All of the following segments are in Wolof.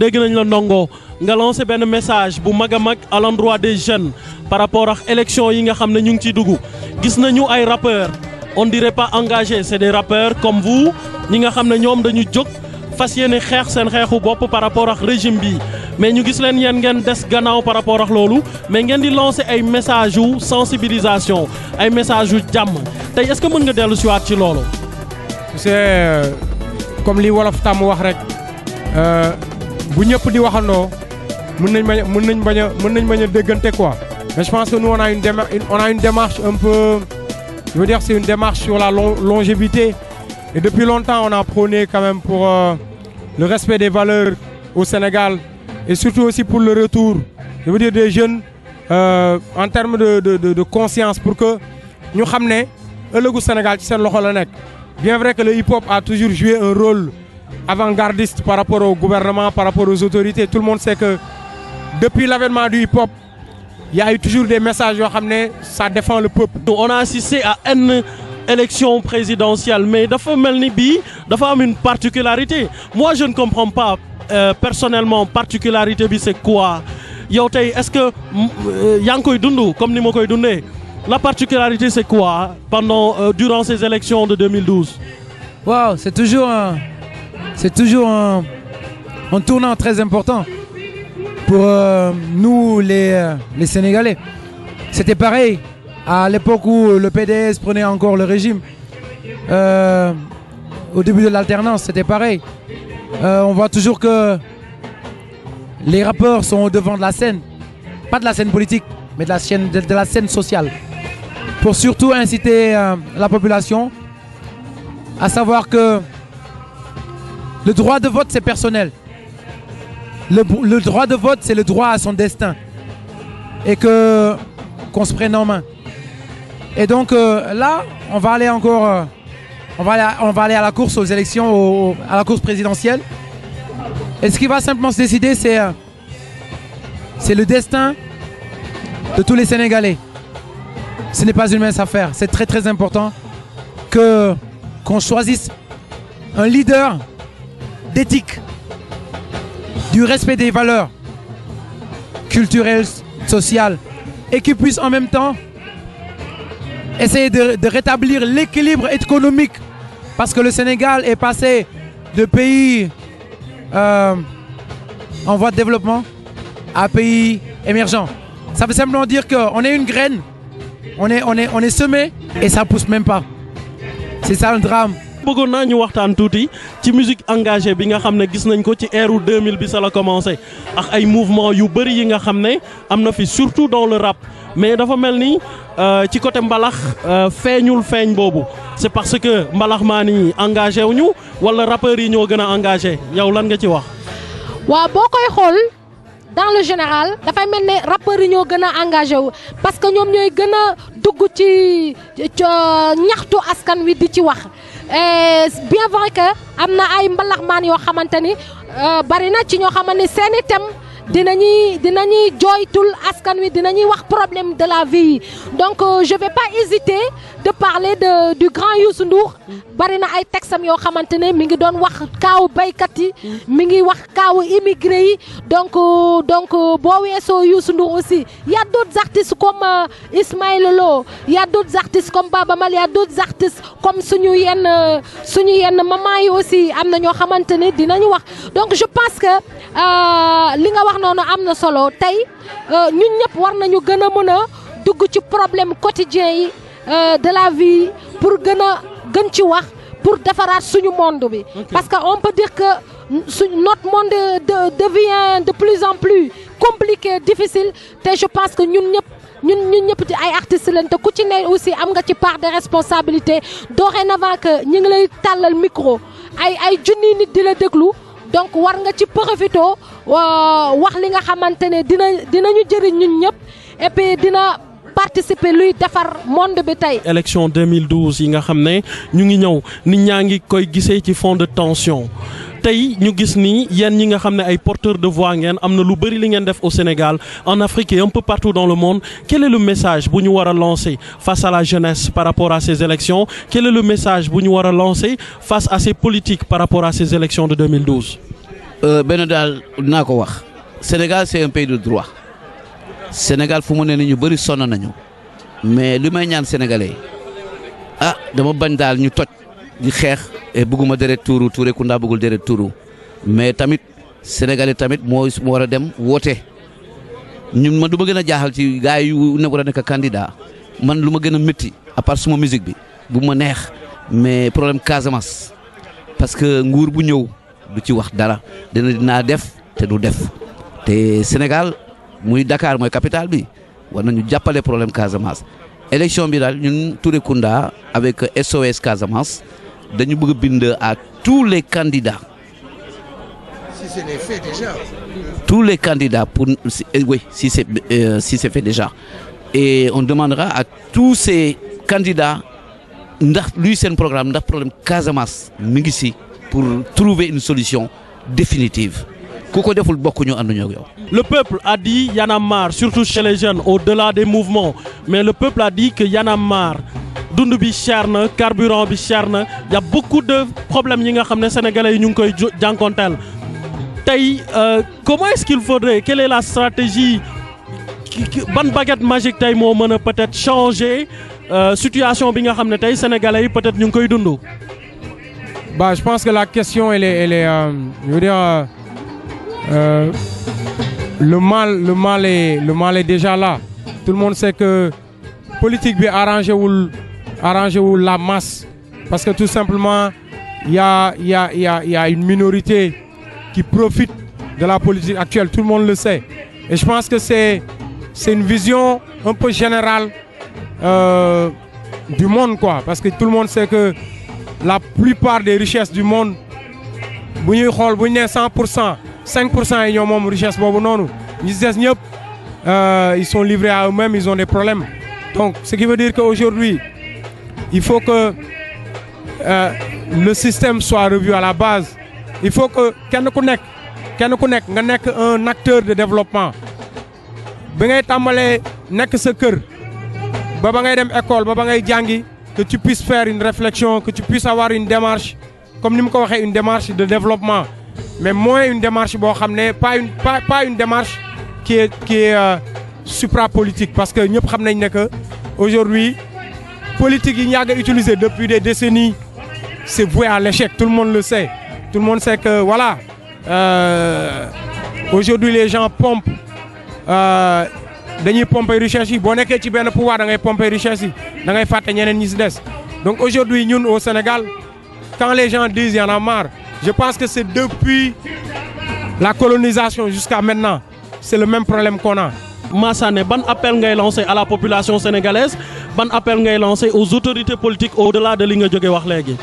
dégg nañ la ndongo nga lancé ben message bu magamak à l'endroit des jeunes par rapport aux élection yi nga xamné ñu ngi ciy dugg gis nañu ay rappeurs on dirait pas engagés c'est des rappeurs comme vous ñi nga xamné ñom dañu jóg fas yéene sen seen xeexu par rapport ak régime bi mais ñu gis leen yeen ngeen dess gannaaw par rapport à lolu mais ngeen di lancer ay message ou sensibilisation ay message ou jam. tey est-ce que mën nga ci wat ci lolu c'est comme li wolof tam wax rek euh, bu ñëpp di waxandoo mën nañ bañ mën nañ bañ a mën quoi mais je pense que nous on a une démarche on a une démarche un peu je veux dire c'est une démarche sur la longévité et depuis longtemps on a prôné quand même pour euh, le respect des valeurs au Sénégal et surtout aussi pour le retour je veux dire des jeunes euh, en termes de de de, conscience pour que nous xam ne ëllëgu Sénégal ci bien vrai que le hip-hop a toujours joué un rôle avant-gardiste par rapport au gouvernement, par rapport aux autorités. Tout le monde sait que depuis l'avènement du hip-hop, il y a eu toujours des messages ça défend le peuple. On a assisté à une élection présidentielle, mais il y Dafa a une particularité. Moi, je ne comprends pas euh, personnellement, particularité, c'est quoi Est-ce que euh, Yankoy Dundu, comme Nimokoy Dundé, la particularité, c'est quoi pendant, euh, durant ces élections de 2012 Wow, c'est toujours un c'est toujours un, tournant très important pour euh, nous, les, euh, les Sénégalais. C'était pareil à l'époque où le PDS prenait encore le régime. Euh, au début de l'alternance, c'était pareil. on voit toujours que les rappeurs sont au devant de la scène. Pas de la scène politique, mais de la scène, de, la scène sociale. Pour surtout inciter la population à savoir que le droit de vote, c'est personnel. Le, droit de vote, c'est le droit à son destin. Et que qu'on se prenne en main. Et donc euh, là, on va aller encore, euh, on, va aller à, la course aux élections, à la course présidentielle. Et ce qui va simplement se décider, c'est euh, c'est le destin de tous les Sénégalais. Ce n'est pas une mince affaire. C'est très très important que qu'on choisisse un leader d'éthique, du respect des valeurs culturelles, sociales, et qui puisse en même temps essayer de, rétablir l'équilibre économique. Parce que le Sénégal est passé de pays euh, en voie de développement à pays émergent. Ça veut simplement dire qu'on est une graine, on est, on est, on est semé et ça pousse même pas. C'est ça le drame bëggoon naa ñu waxtaan tuuti ci musique engagée bi nga xam ne gis nañ ko ci ère 2000 bi sa la commencé ak ay mouvement yu bëri yi nga xam ne am na fi surtout dans le rap mais dafa mel ni euh, ci côté mbalax euh, feeñul feeñ boobu c'est parce que mbalax maan ni engagé wu ñu wala rappeurs yi ñoo gën a engagé yow lan nga ci wax. waaw boo koy xool dans le général dafay mel ne rappeurs yi ñoo gën a engagé wu parce que ñoom ñooy gën a dugg ci euh, ñaxtu askan wi di ci wax. Euh, bien vrai que am na ay mbalaxmaan yoo xamante ni euh, bari na ci ñoo xamante ni seen i dinani joy jooytul askan wi Dinani, wax problème de la vie donc euh, je vais pas hésiter de parler de du grand Youssou Ndour bari na ay texam yoo xamante ne mi ngi don wax kaw baykat yi mi ngi wax kaw immigré yi donc euh, donc euh, bo wesso Youssou Ndour aussi y a d'autres artistes comme Ismaël Lo y a d'autres artistes comme Baba Mal y a d'autres artistes comme suñu yenn suñu yenn mama yi aussi amna na ñoo dinañu wax donc je pense que li nga wax amna solo tay euh, ñun ñëpp war nañu gëna a dugg ci problème quotidien yi euh, de la vie pour gëna a gën ci wax pour défarat suñu monde bi. parce que on peut dire que notre monde devient de plus en plus compliqué difficile te je pense que ñun ñëpp. ñun ñun ñëpp di ay artistes lañ te ku ci né aussi am nga ci part de responsabilité dorénavant que ñi ngi lay talal micro ay ay jooni nit di la donc war nga ci profito euh, wax li nga xamantene dina dinañu jëri ñun ñëpp et puis dina participer luy défar monde bi tay élection 2012 yi nga xamné ñu ngi ñëw nit ñaa ngi koy gisé ci fond de tension tay ñu gis ni yeen ñi nga porteurs de voix ngeen amna lu au Sénégal en Afrique et un peu partout dans le monde quel est le message que ñu lancer face à la jeunesse par rapport à ces élections quel est le message que ñu lancer face à ces politiques par rapport à ces élections de 2012. Je ne sais wax Sénégal c'est un pays de droit Sénégal fu mu pays de ñu mais le may ñaan sénégalais ah dama bañ dal ñu toj di Eh, bëgguma deret tuuru Touré Kunda bëggul deret tuuru mais tamit sénégalais tamit moo mu war a dem woote ñun ma du ma gën a jaaxal ci gars yu ne war a nekk candidat man lu ma gën a métti à part suma musique bi bu ma neex mais problème Casamance parce que nguur bu ñëw du ci wax dara dina dinaa def te du def te Sénégal muy Dakar mooy capitale bi war nañu jàppale problème Casamance élection bi daal ñun Touré Kunda avec SOS Casamance. à tous les candidats. si c'est fait déjà. tous les candidats pour euh, oui si c'est euh, si c'est fait déjà et on demandera à tous ces candidats lui c'est un programme ndax problème pour trouver une solution définitive. Le peuple a dit marre surtout chez les jeunes, au-delà des mouvements, mais le peuple a dit que marre dund bi cher carburant bi cher na y a beaucoup de problèmes yi nga xamné sénégalais yi ñu koy jankontel tay euh, comment est-ce qu'il faudrait quelle est la stratégie ban baguette magique tay mo meuna peut-être changer euh, situation bi nga xamné tay sénégalais yi peut-être ñu koy dund. bah je pense que la question elle est elle est euh, je veux dire euh, euh, le mal le mal est le mal est déjà là tout le monde sait que politique bi arrangé wul arrangez ou la masse. Parce que tout simplement, il y a, une minorité qui profite de la politique actuelle. Tout le monde le sait. Et je pense que c'est une vision un peu générale euh, du monde, quoi. Parce que tout le monde sait que la plupart des richesses du monde, 100%, 5% ils ont richesse euh, ils sont livrés à eux-mêmes, ils ont des problèmes. Donc, ce qui veut dire qu'aujourd'hui, il faut que euh, le système soit revu à la base. Il faut que quelqu'un connecte, quelqu'un connecte, un acteur de développement. que tu puisses faire une réflexion, que tu puisses avoir une démarche, comme nous avons une démarche de développement, mais moins une démarche, pas une, pas, une démarche qui est, qui est euh, supra-politique, parce que nous savons aujourd'hui, politique yi utilisée depuis des décennies c'est voué à l'échec tout le monde le sait tout le monde sait que voilà euh, aujourd'hui les gens pompent euh, dañuy pomper richesse yi ci le pouvoir pomper et yi da donc aujourd'hui nous au Sénégal quand les gens disent y en a marre je pense que c'est depuis la colonisation jusqu'à maintenant c'est le même problème qu'on a né, ban appel ngay lancé à la population sénégalaise ban appel ngay lancé aux autorités politiques au-delà de li nga jogé wax légui.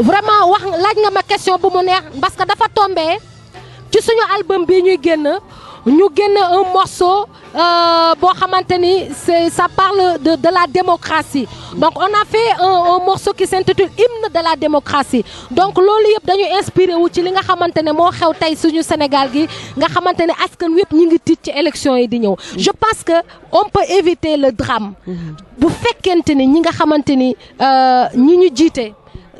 vraiment wax laj nga ma question bu mu neex parce que dafa tomber ci suñu album bi ñuy génn ñu génne un morceau euh, xamante c'est ça parle de de la démocratie donc on a fait un, un morceau qui s'intitule hymne de la démocratie donc lolu yëpp dañu inspiré wu ci li nga xamante mo xew tay suñu Sénégal gi nga xamante askan yëpp ñu ngi tiit ci élection yi di ñëw je pense que on peut éviter le drame bu fekkente ni ñi nga xamante euh ñi ñu jité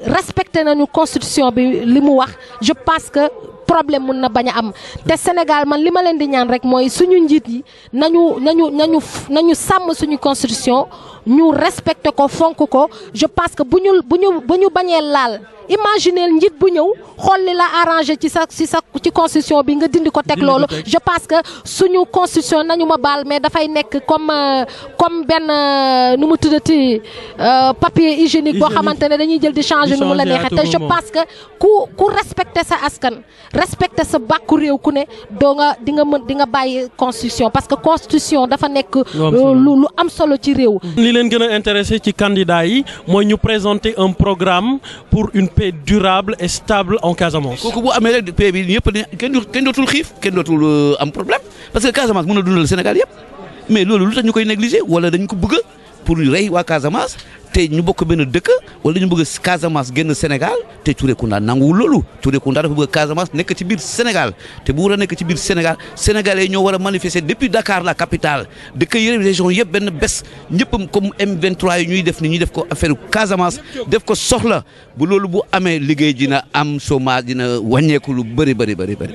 respecter nañu constitution bi limu wax je pense que problème mun na bañ a am te Sénégal man li ma leen di ñaan rek mooy suñu njiit yi nañu nañu nañu nañu sàmm suñu constitution ñu respecté ko fonk ko je pense que bu ñu bu ñu bu ñu bañee laal. imaginez nit bu ñew xol li la arranger, ci sa ci sa ci constitution bi nga dindi ko tek lolu je pense que suñu constitution nañu ma bal, mais fay nek comme euh, comme ben nu mu tuddati euh, papier hygiénique boo xamantene dañuy jël di changer nu mu la neexee te je pense que ku ku respecter sa askan respecter sa bàkku rew ku ne do nga di nga di nga bàyyi constitution parce que constitution dafa nek lu lu am solo ci rew li leen gëna a intéressé ci candidat yi moy ñu présenter un programme pour une durable et stable en Casamance. Si vous paix parce que Casamance vous a dundal Sénégal mais nous, nous négliger wala dañ pour rey waa Casamance te ñu bokk benn dëkk wala ñu bëgg Casamance genn Sénégal te Turekunda nanguwul loolu Turekunda dafa bëgg Casamance nekk ci biir Sénégal te bu war a nekk ci biir Sénégal sénégalais ñoo war a manifester depuis Dakar la capitale dëkk yeneen région yëpp benn bés ñëpp comme M23 yi ñuy def ni ñuy def ko affaire Casamance def ko soxla bu loolu bu amee liggéey dina am chômage dina wàññeeku lu bëri bëri bëri bëri.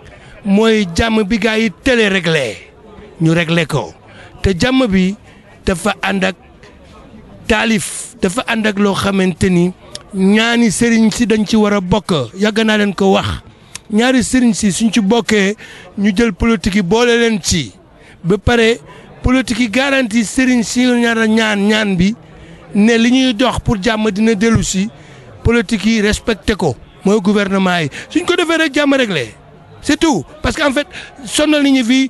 mooy jàmm bi gaa yi télé réglé ñu regle ko te jàmm bi dafa ànd ak taalif dafa ànd ak loo xamante ni ñaani sëriñ si dañ ci war a bokk yàgg naa leen ko wax ñaari sëriñ si suñ ci bokkee ñu jël politique yi boole leen ci ba pare politique yi garantie sëriñ si ñaar ñaan ñaan bi ne li ñuy dox pour jàmm dina dellu si politique yi respecté ko mooy gouvernement yi suñ ko defee rek jàmm réglé c'est tout parce qu'en en fait sonal nañu fii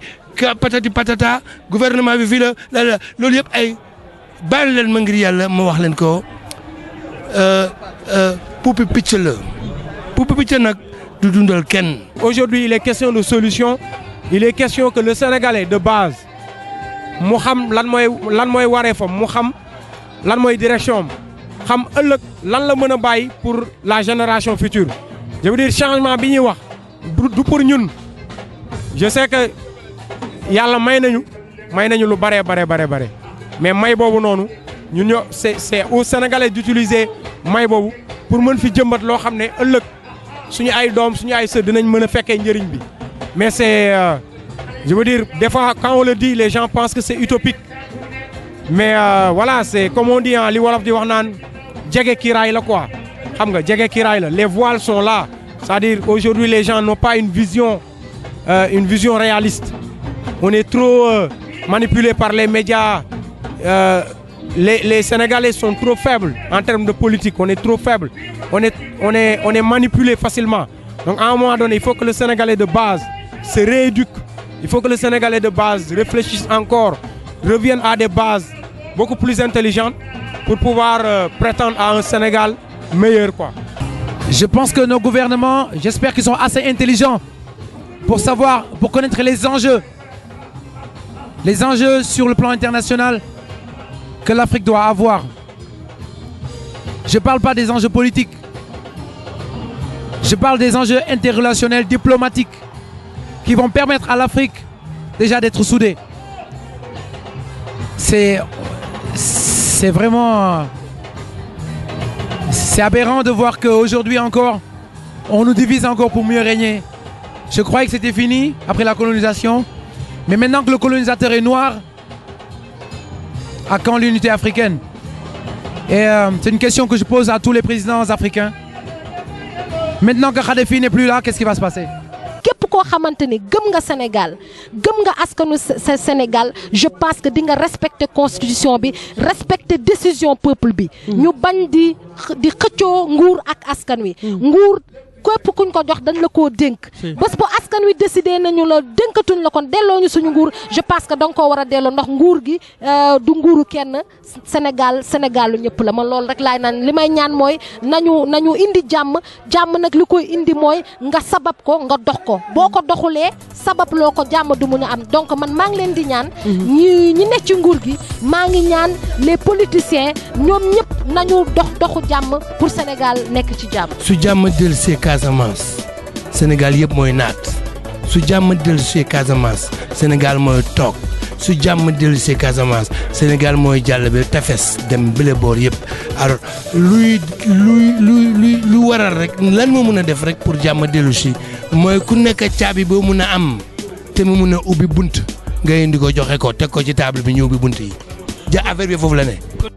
patati patata gouvernement bi fii la la la loolu yëpp ay baal leen ma ngir yàlla ma wax leen ko euh, euh, puupi picc la puupi picc du dundal aujourd'hui il est question de solution il est question que le sénégalais de base mu xam lan mooy lan mooy wareefam mu xam lan mooy direction am xam ëllëg lan la mën a pour la génération future je veux dire changement bi ñuy du pour ñun je sais que yalla may nañu may nañu lu bare bare bare bare mais may bobu noonu ñun ñoo c'est c'est aux Sénégalais d'utiliser may bobu pour mën fi jëmbat lo xamné ëlëk suñu ay doom suñu ay sœur dinañ mën a fekkee njëriñ bi mais c'est euh, je veux dire des fois quand on le dit les gens pensent que c'est utopique mais euh, voilà c'est comme on dit en hein, li wolof di wax naan jege kiray la quoi xam nga jege kiray la les voiles sont là c'est-à-dire aujourd'hui les gens n'ont pas une vision, euh, une vision réaliste. On est trop euh, manipulé par les médias. Euh, les, Sénégalais sont trop faibles en termes de politique. On est trop faibles. On est, on est, on est manipulé facilement. Donc à un moment donné, il faut que le Sénégalais de base se rééduque. Il faut que le Sénégalais de base réfléchisse encore, revienne à des bases beaucoup plus intelligentes pour pouvoir prétendre à un Sénégal meilleur. Quoi. Je pense que nos gouvernements, j'espère qu'ils sont assez intelligents pour savoir, pour connaître les enjeux. Les enjeux sur le plan international que l'Afrique doit avoir. Je ne parle pas des enjeux politiques. Je parle des enjeux interrelationnels, diplomatiques, qui vont permettre à l'Afrique déjà d'être soudée. C'est, c'est vraiment c'est aberrant de voir qu'aujourd'hui encore, on nous divise encore pour mieux régner. Je croyais que c'était fini après la colonisation. Mais maintenant que le colonisateur est noir, à quand l'unité africaine Et euh, c'est une question que je pose à tous les présidents africains. Maintenant que Kadhafi n'est plus là, qu'est-ce qui va se passer koo ni gëm nga Sénégal gëm nga askanu Sénégal je pense que di nga respecter constitution bi respecter décision peuple bi. Mm. ñu bañ di di xëccoo nguur ak askan wi. Mm. nguur képp kuñ ko jox dañ la ko dénk bés bu askan wi décidé nañu la dénkatuñ la kon delloo ñu suñu nguur je pense que da nga koo a delloo ndax nguur gi euh, du nguuru kenn Sénégal Sénégal lu ñëpp la man loolu rek laay naan li may ñaan mooy nañu nañu indi jàmm jàmm nag li koy indi mooy nga sabab ko nga dox ko boo ko doxulee sabab loo ko jàmm du mun a am donc man maa ngi leen di ñaan mm-hmm. ñi ñi nekk ci nguur gi maa ngi ñaan les politiciens ñoom ñëpp nañu dox doxu jàmm pour Sénégal nekk ci jàmm su jàmm del Casamance Sénégal yëpp mooy naat su jàmm dellusee Casamance Sénégal mooy toog su jàmm si Casamance Sénégal mooy jàll bi tefes dem bële boor yëpp alors luy luy waral rek lan moo mun a def rek pour jàmm dellusi mooy ku nekk caabi boo mun a am te mu mun a ubbi bunt nga indi ko joxe ko teg ko ci table bi ñu ubbi bunt yi ja affaire bi foofu la ne.